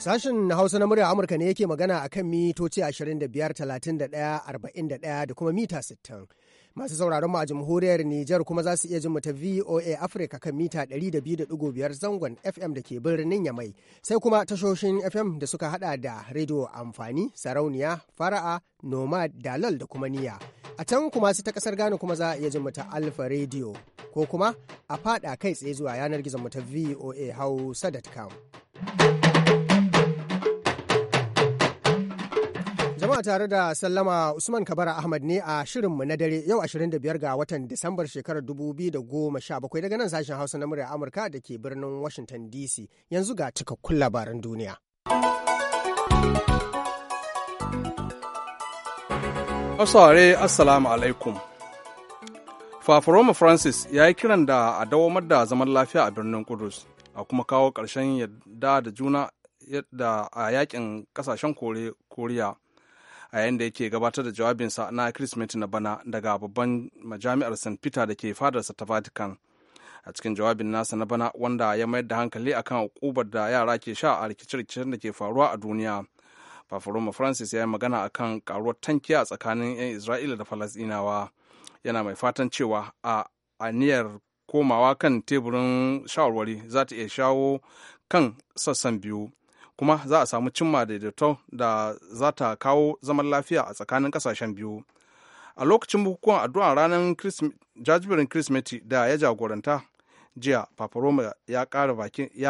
Sashen Hausa na murya Amurka ne yake magana a kan mitoci 25, 31, 41 da kuma mita 60. Masu sauraron mu a jamhuriyar Nijar kuma za su iya jin ta VOA Africa kan mita 200.5 zangon FM da ke birnin Yamai. Sai kuma tashoshin FM da suka hada da rediyo Amfani, Sarauniya, Fara'a, Nomad, Dalal da kuma Niya. A can kuma su ta kasar Ghana kuma za a iya jin ta Alfa Radio ko kuma a fada kai tsaye zuwa yanar gizon mu ta VOA Hausa.com. Jama'a tare da Sallama Usman Kabara Ahmad ne a shirin mu na dare yau 25 ga watan Disambar shekarar 2017 daga nan sashen Hausa na murya Amurka da ke birnin Washington DC yanzu ga cikakkun labaran duniya. Asare Assalamu alaikum. Fafaroma Francis ya yi kiran da a dawamar da zaman lafiya a birnin Kudus a kuma kawo ƙarshen yadda da juna da a yakin ƙasashen Koriya. a yayin da yake gabatar da jawabinsa na Kirsimeti na bana daga babban majami'ar St. Peter da ke fadarsa ta Vatican. A cikin jawabin nasa na bana wanda ya mayar da hankali akan hukubar da yara ke sha a rikice-rikicen da ke faruwa a duniya. Fafaroma Francis ya yi magana akan karuwar tankiya a tsakanin 'yan Isra'ila da Falasɗinawa. Yana mai fatan cewa a aniyar komawa kan teburin shawarwari za ta iya shawo kan sassan biyu kuma za a samu cimma daidaito da za ta kawo zaman lafiya a tsakanin kasashen biyu a lokacin bukukuwan addu'a ranar jajibirin kirsimeti da ya jagoranta jiya paparoma ya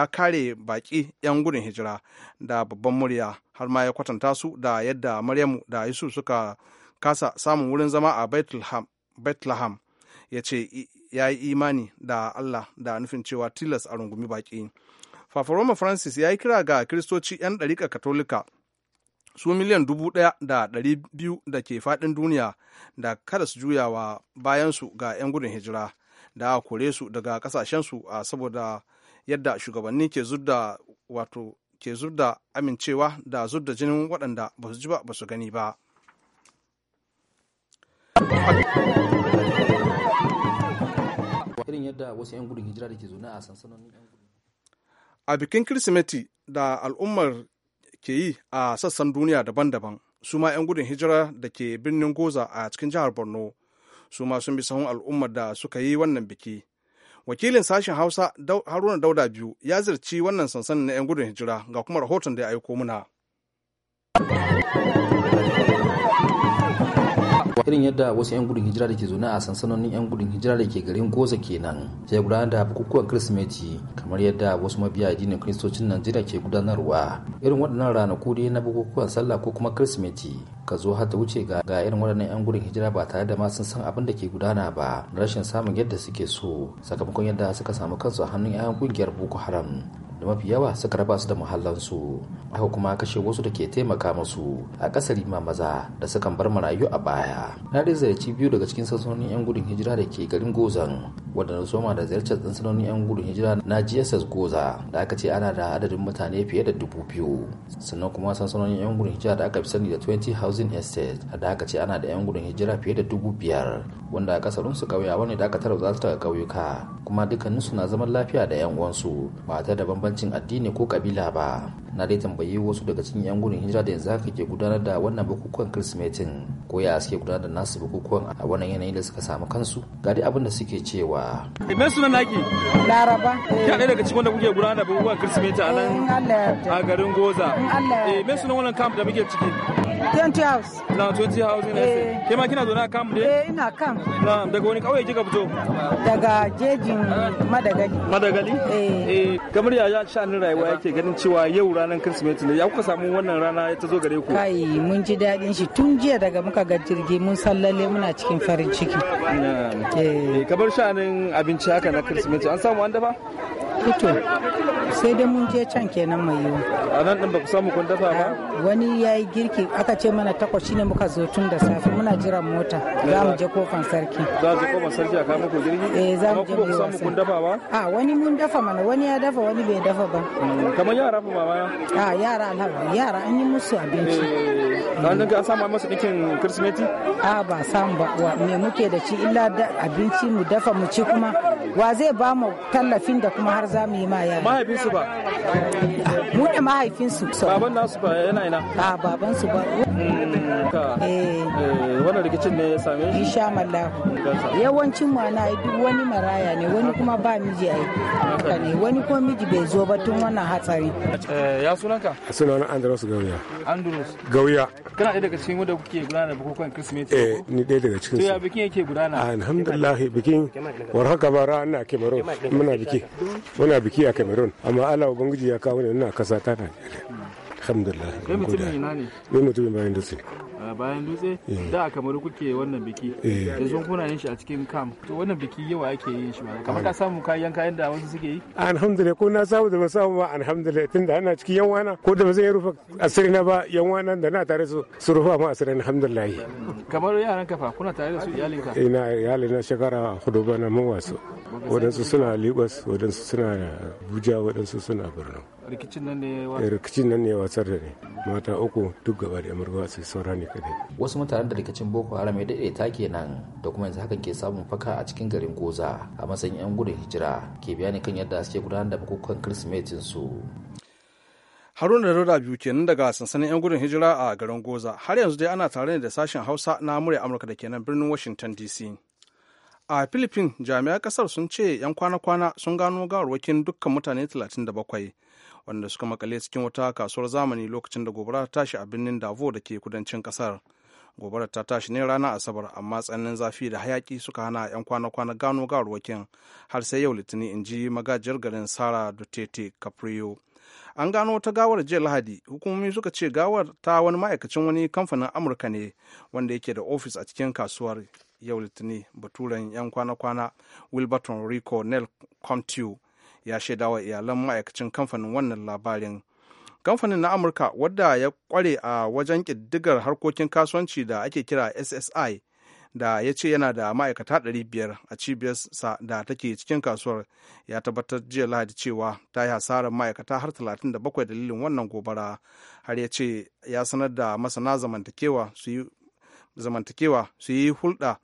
kare baki 'yan gudun hijira da babban murya har ma ya kwatanta su da yadda maryamu da yusuf suka kasa samun wurin zama a bethlehem ya ce ya yi imani da allah da nufin cewa tilas a rungumi baki Roma Francis ya yi kira ga Kiristoci 'yan ɗariƙa Katolika su miliyan dubu ɗaya da ɗari biyu da ke faɗin duniya da kada su juya wa bayansu ga 'yan gudun hijira da a kore su daga ƙasashensu a saboda yadda shugabanni ke zudda wato ke zudda amincewa da zudda jinin waɗanda ba su ji ba ba su gani ba. irin yadda wasu 'yan gudun hijira da ke zuna a sansanonin a bikin kirsimeti da al'ummar ke yi a sassan duniya daban-daban su ma 'yan gudun hijira da ke birnin goza a cikin jihar borno su ma sun bi sahun al'ummar da suka yi wannan biki wakilin sashen hausa haruna dauda biyu ya zirci wannan sansanin na 'yan gudun hijira ga kuma rahoton da ya aiko muna irin yadda wasu 'yan gudun hijira da ke zaune a sansanonin 'yan gudun hijira da ke garin goza kenan sai gudanar da bukukuwan kirsimeti kamar yadda wasu mabiya addinin kiristocin najeriya ke gudanarwa irin waɗannan ranaku dai na bukukuwan sallah ko kuma kirsimeti ka zo har ta wuce ga irin waɗannan 'yan gudun hijira ba tare da ma sun san abin da ke gudana ba rashin samun yadda suke so sakamakon yadda suka samu kansu a hannun 'yan kungiyar boko haram da mafi yawa suka raba su da muhallansu Aka kuma kashe wasu da ke taimaka musu a kasari ma maza da sukan bar marayu a baya na dai ziyarci biyu daga cikin sansanonin yan gudun hijira da ke garin gozan wadda soma da ziyarci sansanonin yan gudun hijira na gss goza da aka ce ana da adadin mutane fiye da dubu biyu sannan kuma sansanonin yan gudun hijira da aka fi sani da 20 housing estate da aka ce ana da yan gudun hijira fiye da dubu biyar wanda a kasarin su kauyawa ne da aka tara za su kauyuka kuma dukkaninsu na zaman lafiya da yan uwansu ba ta da bambancin addini ko kabila ba na dai tambayi wasu daga cikin yan gudun hijira da yanzu haka ke gudanar da wannan bukukuwan kirsimetin ko ya suke gudanar da nasu bukukuwan a wannan yanayin da suka samu kansu ga dai abin da suke cewa eh, me sunan naki laraba ya ɗaya daga cikin da kuke gudanar da bukukuwan kirsimetin a nan a garin goza eh, me sunan wannan camp da muke ciki 20 house na 20 house ne ke ma kina zona a kam ne eh ina kam na daga wani kauye kika fito daga jejin madagali madagali eh. eh kamar yaya sha'anin rayuwa yake ganin cewa yau ranar Christmas ne ya kuka samu wannan rana ta zo gare ku kai mun ji dadin shi tun jiya daga muka ga jirgi mun sallale muna cikin farin ciki eh. eh kamar sha'anin abinci haka na Christmas an samu an dafa Fito sai dai mun je can kenan mai yiwu. A nan ɗin ba ku samu kun dafa ba? Ah, wani ya yi girki aka ce mana takwas shine muka zo tun da safe muna jiran mota za mu je kofan sarki. Za mu je kofan sarki a kawo muku girki? Eh za mu je mu samu kun dafa ba? A ah, wani mun dafa mana wani ya dafa wani bai dafa ba. Hmm, kamar yara fa mama? A ah, yara alhamdu yara an yi musu abinci. Eh, an ka an samu masa ɗinkin Kirsimeti? A ba samu ba me muke da shi illa abinci mu dafa mu ci kuma wa zai ba mu tallafin da kuma har za mu yi ma yara mahaifinsu ba mu da mahaifinsu baban nasu ba yana ina a baban su ba Eh, wannan rikicin ne ya same shi yawancin mana duk wani maraya ne wani kuma ba miji ai haka ne wani kuma miji bai zo ba tun wannan hatsari eh, ya sunanka sunan Andros Gauya Andros Gauya kana ɗaya daga cikin wanda kuke gudanar bukukuwan Kirsimeti eh ni daya daga cikin su ya bikin yake gudana alhamdulillah bikin war haka bara ina Cameroon muna biki muna biki a Cameroon amma ala ubangiji ya kawo ni ina kasa ta alhamdulillah kai mutumin ina ne kai mutumin bayan dutse bayan dutse eh. da kamar kuke wannan biki eh. yanzu kuna yin shi a cikin kam to wannan biki yawa ake yin shi ba kamar ka samu kayan kayan da wasu suke yi alhamdulillah ko na samu da ba samu ba alhamdulillah da ana cikin yan wana ko da ba zai rufe asiri na ba yan da na tare su su rufa mu asiri alhamdulillah kamar yaran kafa kuna tare da su iyalinka ina eh, na shekara hudu bana mun wasu wadansu suna libas wadansu suna abuja wadansu suna birnin rikicin nan ne eh, rikicin nan ne watsar da ne mata uku duk gaba da amurka su saura ne kadai wasu mutanen da rikicin boko haram ya daɗe ta nan da kuma yanzu hakan ke samun faka a cikin garin goza a matsayin yan gudun hijira ke bayani kan yadda suke gudanar da bukukuwan kirsimetin su haruna da biyu kenan daga sansanin yan gudun hijira a garin goza har yanzu dai ana tare ne da sashen hausa na murya amurka da kenan birnin washington dc a philippines jami'an kasar sun ce 'yan kwana-kwana sun gano gawarwakin dukkan mutane 37 wanda suka makale cikin wata kasuwar zamani lokacin da gobara ta tashi a birnin davo da ke kudancin kasar gobarar ta tashi ne ranar asabar amma tsananin zafi da hayaki suka hana 'yan kwana-kwana gano gawarwakin har sai yau litinin in ji magajiyar garin sara duterte caprio an gano wata gawar jiya lahadi hukumomi suka ce gawar ta wani ma'aikacin wani kamfanin amurka ne wanda yake da ofis a cikin kasuwar yau litinin baturen 'yan kwana-kwana wilburton rico nel comtew ya shaidawa iyalan ma'aikacin kamfanin wannan labarin kamfanin na amurka wadda ya kware a wajen ƙiddigar harkokin kasuwanci da ake kira ssi da ya ce yana da ma'aikata 500 a cibiyarsa da take cikin kasuwar ya tabbatar jiya lahadi cewa ta yi hasarar ma'aikata har 37 dalilin wannan gobara har ya ce ya sanar da masana zamantakewa su yi hulɗa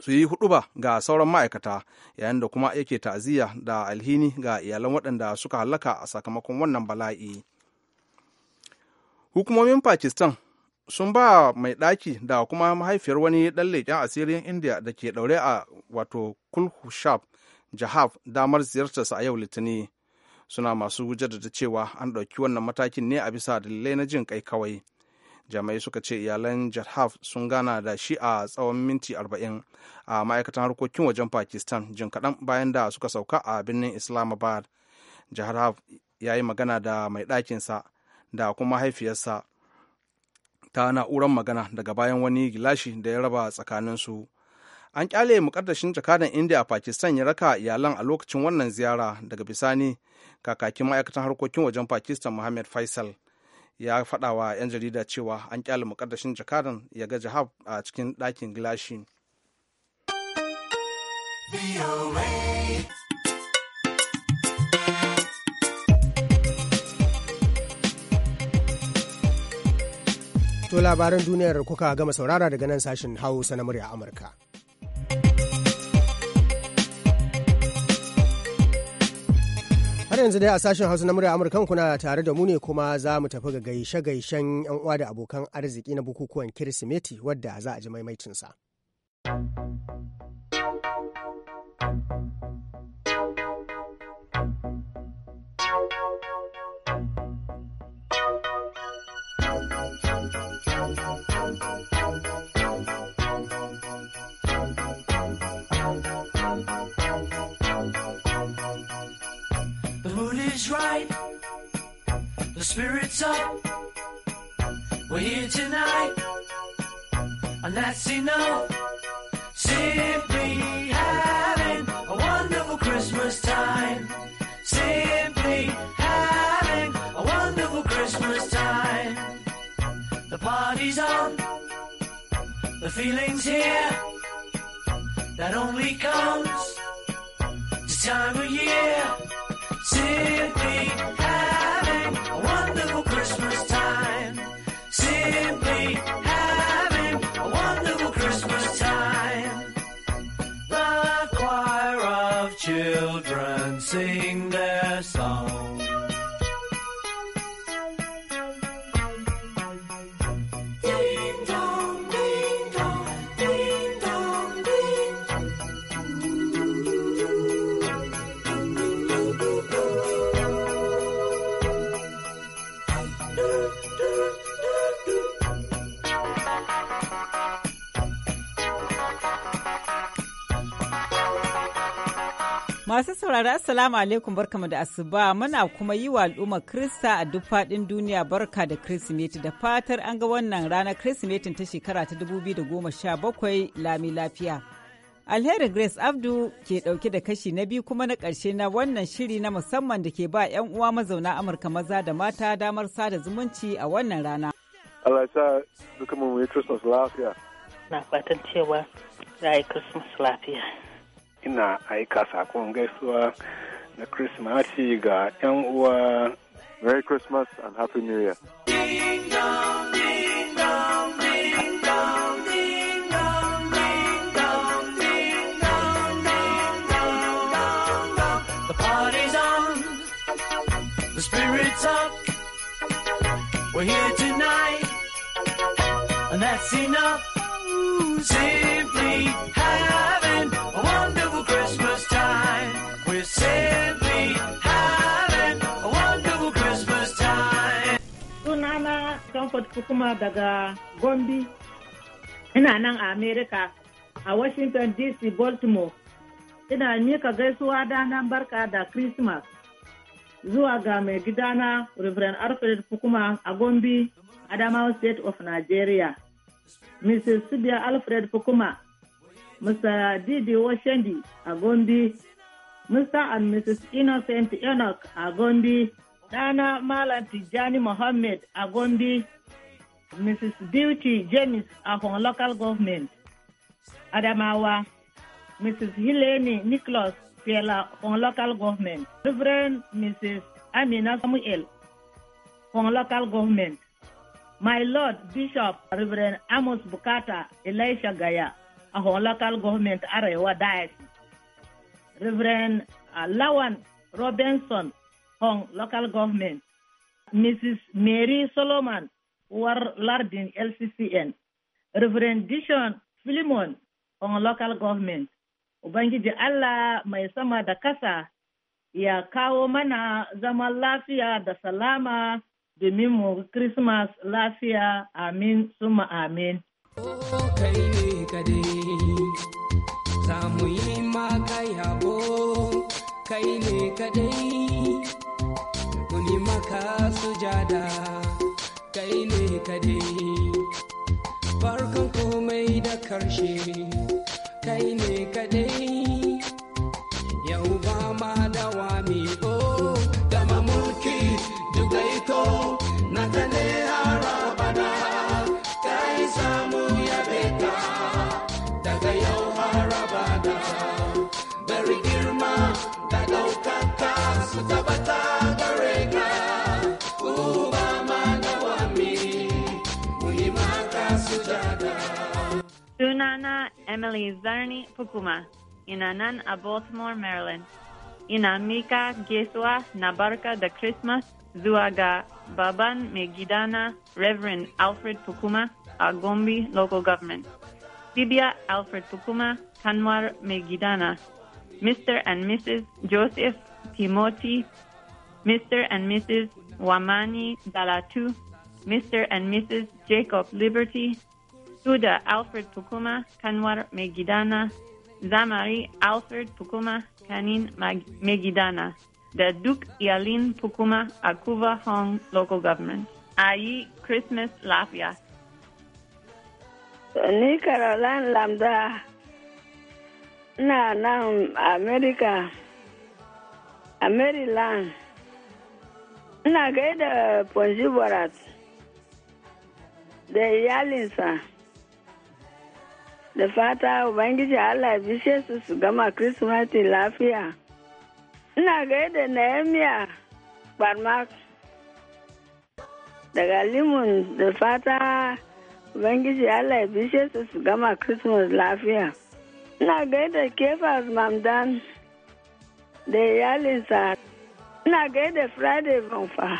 su yi huduba ga sauran ma'aikata yayin da kuma yake ta'aziyya da alhini ga iyalan waɗanda suka halaka a sakamakon wannan bala'i hukumomin pakistan sun ba mai ɗaki da kuma mahaifiyar wani ɗan leƙen asirin india da ke ɗaure a wato kulhushab jahab damar ziyartarsa a yau litinin suna masu da cewa an ɗauki wannan matakin ne a bisa dalilai na jin kai kawai jami'ai suka ce iyalan jarhaf sun gana da shi a tsawon minti 40 a ma'aikatan harkokin wajen pakistan jin kaɗan bayan da suka sauka a birnin islamabad jarhaf ya yi magana da mai ɗakinsa da kuma haifiyarsa ta na'urar magana daga bayan wani gilashi da ya raba tsakaninsu an kyale mukaddashin jakadan india a pakistan ya raka iyalan a lokacin wannan ziyara daga bisani kakakin ma'aikatan harkokin wajen pakistan muhammad faisal ya faɗa wa 'yan jarida cewa an kyale mukaddashin jakadan ya ga jihab a cikin ɗakin gilashi. To labaran duniyar kuka gama saurara daga nan sashen Hausa na murya Amurka. Har yanzu dai a sashen Hausa na murya Amurkan kuna tare da mu ne kuma za mu tafi ga gaishe-gaishen 'yan uwa da abokan arziki na bukukuwan Kirsimeti wadda za a ji maimaicinsa. right. The spirit's up. We're here tonight. And that's enough. Simply having a wonderful Christmas time. Simply having a wonderful Christmas time. The party's on. The feeling's here. That only comes this time of year. City. Masu saurari Assalamu alaikum barkamu da asuba muna kuma yi wa al'umma Krista a duk faɗin duniya barka da Kirsimeti da fatar an ga wannan ranar Kirsimetin ta shekara ta 2017 lami lafiya. Alheri Grace Abdu ke ɗauke da kashi na biyu kuma na ƙarshe na wannan shiri na musamman da ke ba 'yan uwa mazauna Amurka maza da mata damar sada zumunci a wannan rana. Allah ya sa mu yi Christmas lafiya. Na fatan cewa za a yi Christmas lafiya. ina aika sakon gaisuwa na Kirsimati ga 'yan uwa. Merry Christmas and Happy New Year. We're here tonight, and that's enough. Simply have. kuma daga Gombe. Ina nan a Amerika, a Washington DC, Baltimore. Ina mika gaisuwa da nan barka da Christmas. Zuwa ga mai gidana Reverend Alfred Fukuma a Gombe, Adamawa State of Nigeria. Mrs. Sibia Alfred Fukuma, Mr. Didi Washendi a Gombe, Mr. and Mrs. Innocent Enoch a Gombe, Dana Malam Tijjani Mohammed a Gombe, Mrs. Beauty James Ahon Local Government, Adamawa, Mrs. Helene Nicholas Piela Ahon Local Government, Reverend Mrs. Amina Samuel Ahon Local Government, my Lord Bishop Reverend Amos Bukata Elisha Gaya Ahon Local Government Arewa Diocese, Reverend uh, Lawan Robinson Hong Local Government, Mrs. Mary Solomon war Lardin LCCN, Reverend Dishon Philemon on local government. Ubangiji Allah mai sama da kasa ya kawo mana zaman lafiya da salama domin mu Christmas lafiya amin suma amin. Oh, kai ne kadai muni maka sujada kai ne kade farkon komai da karshe kai ne kadai Lizarni Pukuma, in Anan Baltimore, Maryland. Inamika Geswa Nabarka the Christmas Zuaga Baban Megidana Reverend Alfred Pukuma Agombi Local Government. Bibia Alfred Pukuma Kanwar Megidana. Mr. and Mrs. Joseph Timoti. Mr. and Mrs. Wamani Dalatu. Mr. and Mrs. Jacob Liberty. Suda Alfred Pukuma, Kanwar Megidana, Zamari Alfred Pukuma, Kanin Megidana, the Duke Yalin Pukuma Akuva Hong Local Government. Ayi Christmas Lafia. Ni Caroline Lambda na na America, a Maryland. Ina gaida Ponzi Borat da iyalinsa. da fata ubangiji allah bishe su su gama kirsimati lafiya ina gaida nehemiya barmak daga limun da fata ubangiji allah bishe su su gama christmas lafiya ina gaida kefas mamdan da iyalinsa ina gaida friday bonfa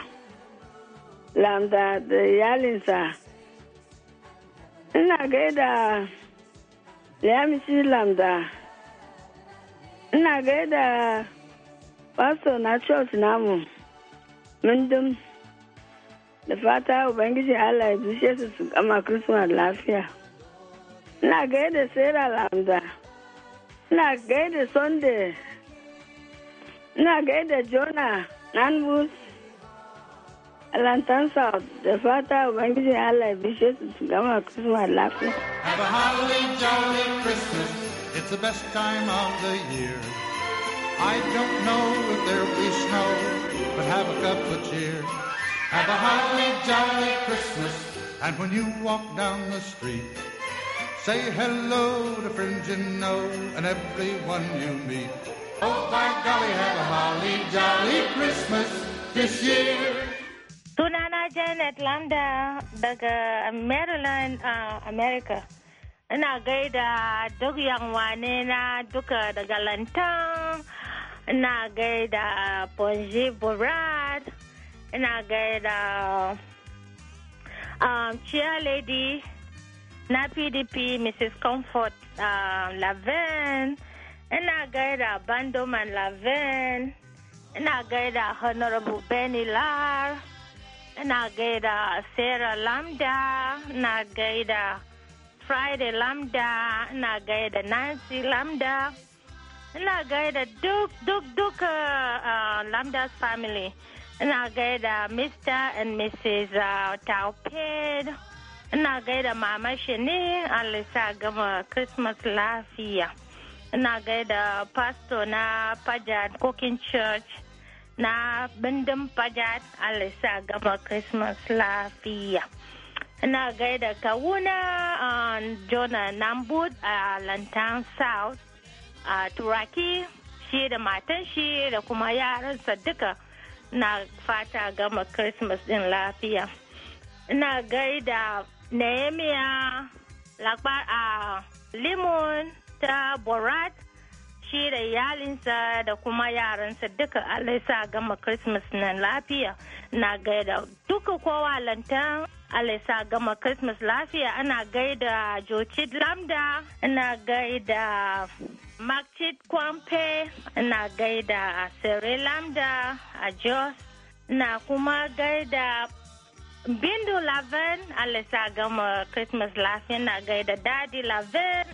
lambda da iyalinsa ina gaida Yamisi Lamda ina gaida pastor na church namu mundum da fata ubangiji Allah ya bishe su su kama Christmas lafiya ina gaida Sarah Lamda ina gaida Sunday ina Jona Jonah Nanbus Allah ta sa da fata Ubangiji Allah ya bishe su gama Christmas lafiya. Have a holly jolly Christmas, it's the best time of the year. I don't know if there'll be snow, but have a cup of cheer. Have a holly jolly Christmas, and when you walk down the street, say hello to friends you know and everyone you meet. Oh, by golly, have a holly jolly Christmas this year. Atlanta daga uh, Maryland a uh, America. Ina gaida duk yanwane na duka daga Lantan, ina gaida Bonji Burad, ina gaida um, Chair Lady na PDP Mrs. Comfort uh, um, Laven, ina gaida Bandoman Laven, ina gaida Honorable Benny Lar. Nagada sarah lambda Nagada friday lambda Nagada nancy lambda ina Duke duk duk duk uh, uh, lambda's family ina mr and mrs uh, taupid ina mama shini alisa gama christmas lafiya ina gaida pastor na pajan cooking church na bindin fajar alisa gama christmas lafiya ina gaida kawuna jona nambud a lantan south a turaki shi da matan shi da kuma yaransa duka na fata gama christmas din lafiya ina gaida nehemiya lakbar a limon ta borat shi da iyalinsa da kuma yaransa duka Allah sa gama Christmas na lafiya na gaida duka kowa lantan Allah sa gama Christmas lafiya ana gaida Jochid Lambda ana gaida Makchid Kwampe ana gaida Sere Lambda a Jos na kuma gaida Bindu Laven, Allah sa gama Christmas lafiya na gaida Daddy Laven,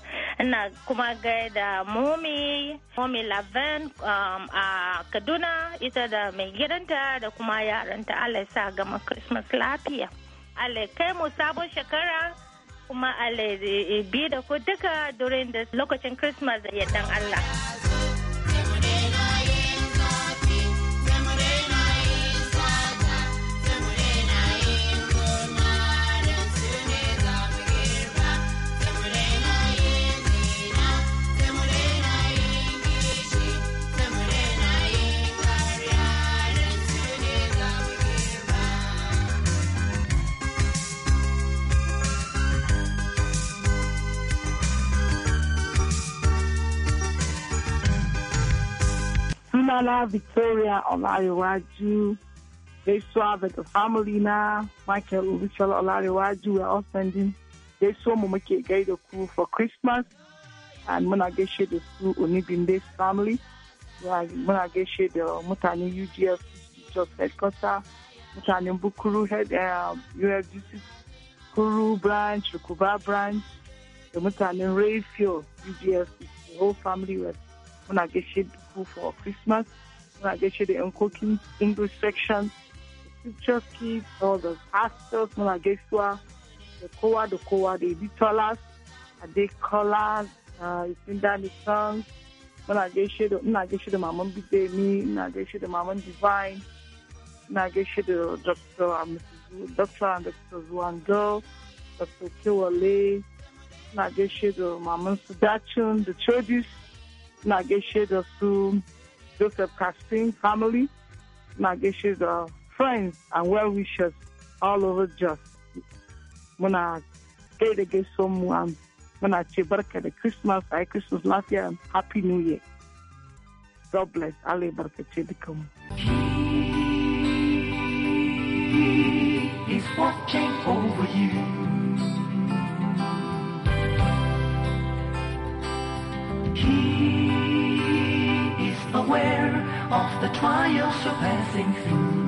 na kuma gaida Mumi, Mumi Laven um, a Kaduna, ita da mai gidanta da kuma yaranta Allah sa gama Christmas lafiya. Allah kai mu sabon shekara kuma Allah eh, eh, bi da ku duka during the lokacin Christmas ya dan Allah. sunana Victoria Olariwaju. Gaisuwa the family now. Michael Olushal Olariwaju we are all sending gaisuwa mu muke gaida ku for Christmas and muna gaishe da su Onibinde's family. Muna gaishe da mutanen UGF Jos Headquarter, Mutani Bukuru Head UFDC um, Kuru branch, Rukuba branch, The Mutani Rayfield UGF, the whole family was muna gaishe ku for Christmas, muna gaishe da yan kokin English section, pictures kids, all the pastors, muna gaisuwa the kowa the kowa the editors, a dai colors, uh, the, songs, muna gaishe da ina gaishe da maman Bidemi, ina gaishe da maman Divine, ina gaishe da Dr. Dr. and Dr. Zuwango, Dr. Kewale, ina gaishe da maman Sudachin, the Chodis, na gaishe Joseph Casting family, na gaishe uh, friends and well wishers all over just. Muna kai da gaiso muna ce barka Christmas, ai Christmas year and Happy New Year. God bless, Allah barkace He is watching over you. aware of the trials you're passing through.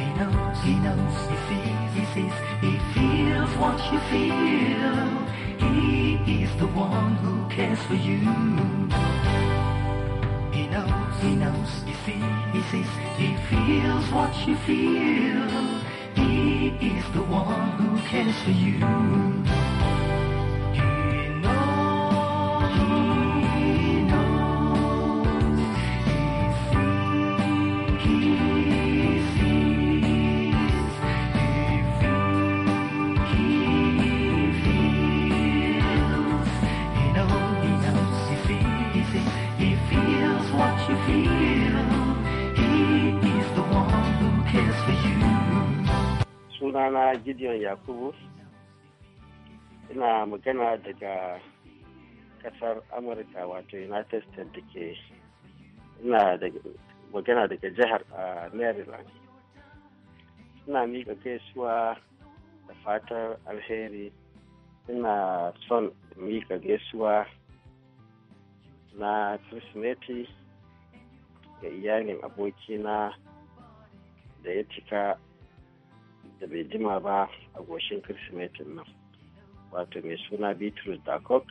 He knows, he knows, he sees, he sees, he feels what you feel. He is the one who cares for you. He knows, he knows, he sees, he sees, he feels what you feel. He is the one who cares for you. sunana gideon yakubu ina magana daga kasar amurka wato united states da ke ina magana daga jihar maryland ina miƙa gaisuwa da fatar alheri ina son miƙa gaisuwa na kirsimeti ga iyalin abokina da ya cika da bai jima ba a goshin kirsimetin nan wato mai suna bitrus da dakok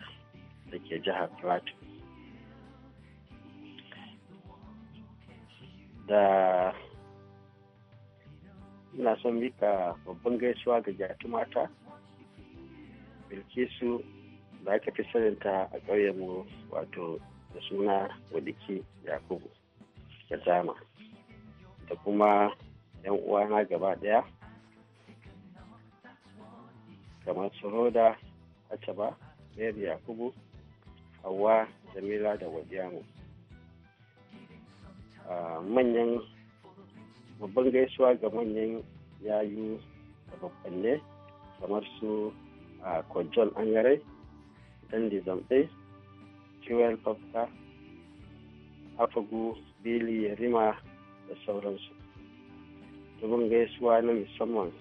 da ke jihar plateau da ina son mika babban gaisuwa ga jati mata bilkisu da aka fi saninta a ƙauyenmu wato da suna wadiki yakubu da zama da kuma 'yan uwana gaba ɗaya kamar su roda acaba mayar yakubu hawa jamila da wadiyamu manyan babban gaisuwa ga manyan yayu da ne kamar su a kojol angare dandi zamɗe kiwel fafta afagu bili yarima da sauransu dubin gaisuwa na musamman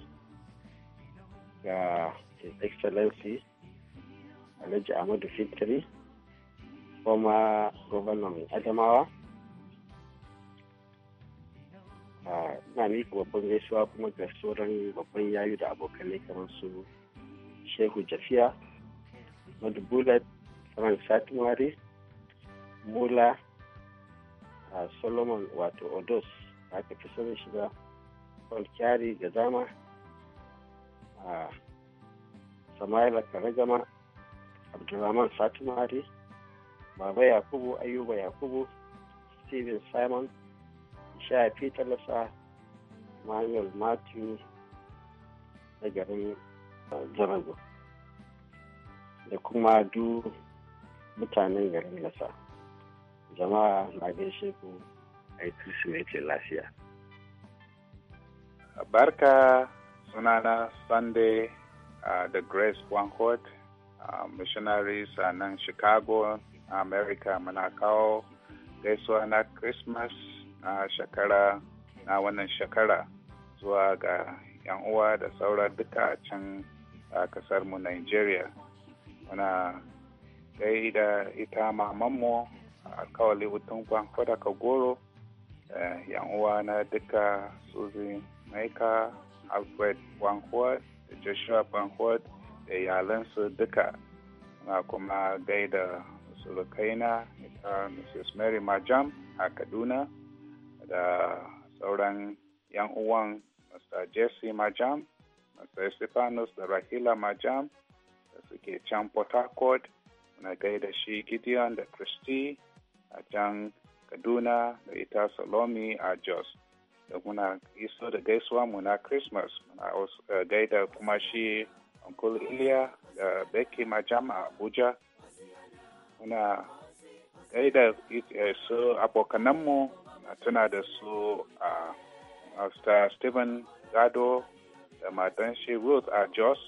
ga His Excellency Alhaji Ahmadu Fitri, former governor mai Adamawa. Ah, Na miƙa babban gaisuwa kuma ga sauran babban yayu da abokanai kamar su Shehu Jafiya, Madubulat, Ran Satinwari, Mula, ah, Solomon wato Odos, aka fi sanin shiga Paul Kyari ga zama. Ah, Sama'ila Karagama, Abdulrahman Fatimari, Baba Yakubu Ayuba Yakubu, Steven Simon, Ishaya Peter Lasa, Manuel Matthew da garin uh, Zarago. Da kuma du mutanen garin Lasa. Jama'a na gaishe ku a yi Kirsimeti lafiya. Barka sunana Sunday uh, the Grace Wanhort, uh, missionaries and uh, nan Chicago, America muna kawo gaisuwa na Christmas na Shakara, na wannan shekara zuwa ga 'yan uwa da saura duka a can a uh, kasar mu Nigeria. Muna gai da ita mamanmu a uh, kawali hutun ka goro, yan uwa na duka Suzy Maika, Alfred Wankwat, joshua banford da iyalansu duka na kuma gaida surukaina ita mrs mary majam a kaduna da sauran yan uwan mr jesse majam mr stephanus da rahila majam da suke can port harcourt na gaida shi gideon da christy a can kaduna da ita salomi a jos da muna iso da gaisuwa mu na Christmas muna eh, gaida kuma shi Uncle Iliya da Becky Majam a Abuja muna gaida eh, su abokananmu na tuna da su a master Stephen Gado da matan shi Ruth a Jos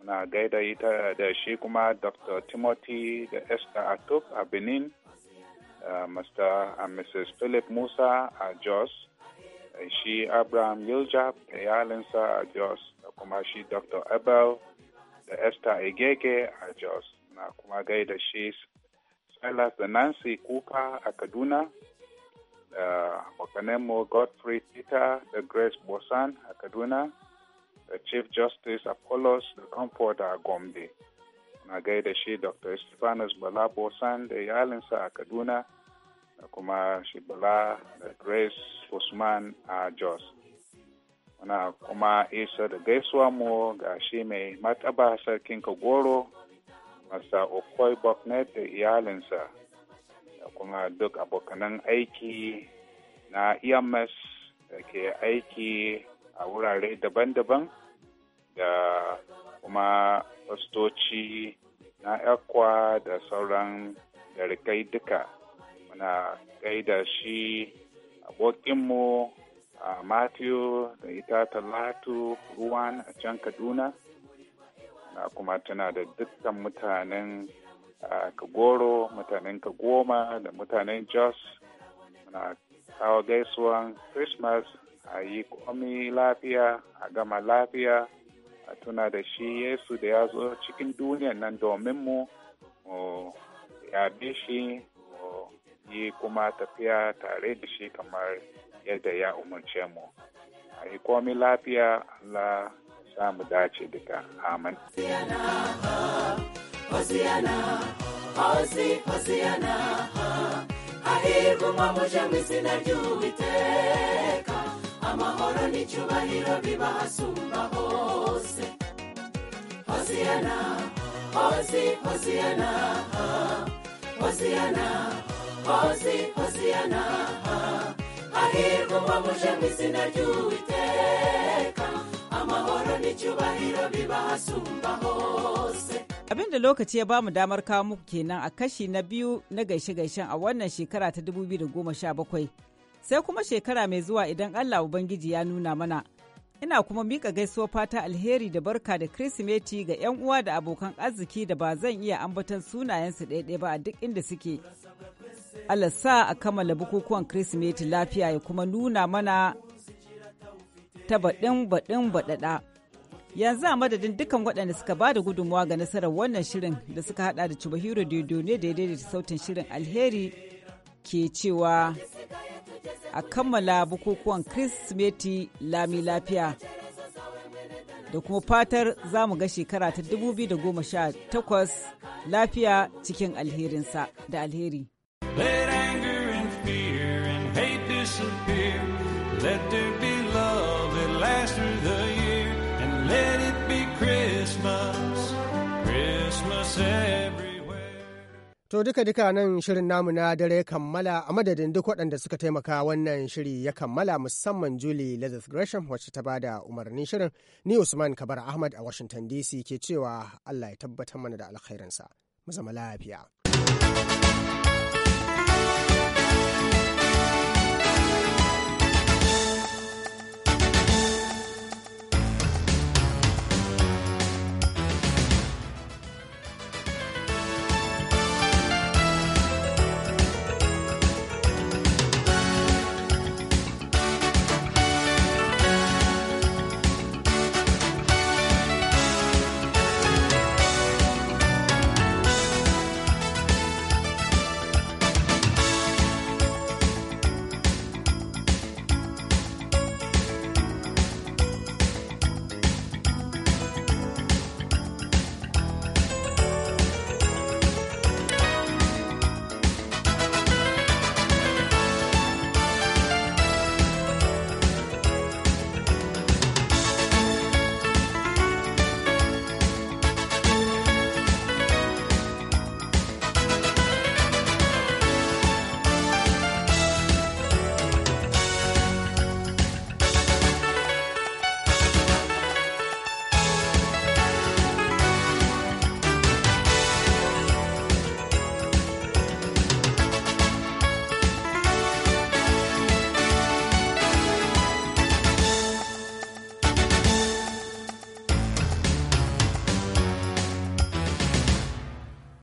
muna gaida ita da shi kuma Dr. Timothy da Esther Atuk a Benin Mr. and Mrs. Philip Musa a Jos. shi abraham yiljap da iyalinsa a jos da kuma shi dr abel da esther egege a jos na kuma gaida shi silas da nancy kuka a kaduna da wakanenmu godfrey peter da grace bosan a kaduna da chief justice apollos da comfort a gombe na gaida shi dr stephanus bala bosan da iyalinsa a kaduna da kuma shibala da grace usman a jos muna kuma isa da gaisuwa mu ga shi mai mataba sarkin kagoro masa okoi boknet da iyalinsa da kuma duk abokanan aiki na ems da ke aiki a wurare daban-daban da kuma fastoci na ekwa da sauran darikai duka muna gaida shi abokinmu a matthew da ita talatu ruwan a can kaduna na kuma tana da dukkan mutanen kagoro mutanen kagoma da mutanen jos muna kawo gaisuwan christmas a yi komi lafiya a gama lafiya a tuna da shi yesu da ya zo cikin duniyan nan domin mu ya shi yi kuma tafiya tare da shi kamar yadda ya umarce mu a yi komi lafiya Allah za mu dace duka amin hahirwa mwamuje mu izina ry'uwiteka amahoro hozi hoziyana hahirwa uwamuje mu izina ry'uwiteka amahoro n'icyubahiro biba hasumba hose abin da lokaci ya bamu damar kawo muku kenan a kashi na biyu na gaishe-gaishen a wannan shekara ta 2017 sai kuma shekara mai zuwa idan allah ubangiji ya nuna mana ina kuma miƙa gaisuwa fata alheri da barka da kirsimeti ga 'yan uwa da abokan arziki da ba zan iya ambaton sunayensu ɗaiɗai ba a duk inda suke Allah sa a kammala bukukuwan Kirsimeti lafiya ya kuma nuna mana ta baɗin baɗin baɗaɗa. Yanzu a madadin dukkan waɗanda suka ba da gudunmawa ga nasarar wannan shirin da suka haɗa da Chubahiro Dodo ne da ya sautin shirin alheri ke cewa a kammala bukukuwan Kirsimeti lami lafiya. Da kuma fatar za mu ga shekara ta 2018 lafiya cikin alherinsa da alheri. Let anger and fear and hate disappear. Let there be love that lasts through the year. And let it be Christmas, Christmas everywhere. To duka-duka nan shirin namu na dare kammala a madadin duk waɗanda suka taimaka wannan shiri ya kammala musamman Julie Lazarus Gresham wacce ta bada umarnin shirin ni Usman Kabar Ahmad a Washington DC ke cewa Allah ya tabbatar mana da alkhairinsa. Mu zama lafiya.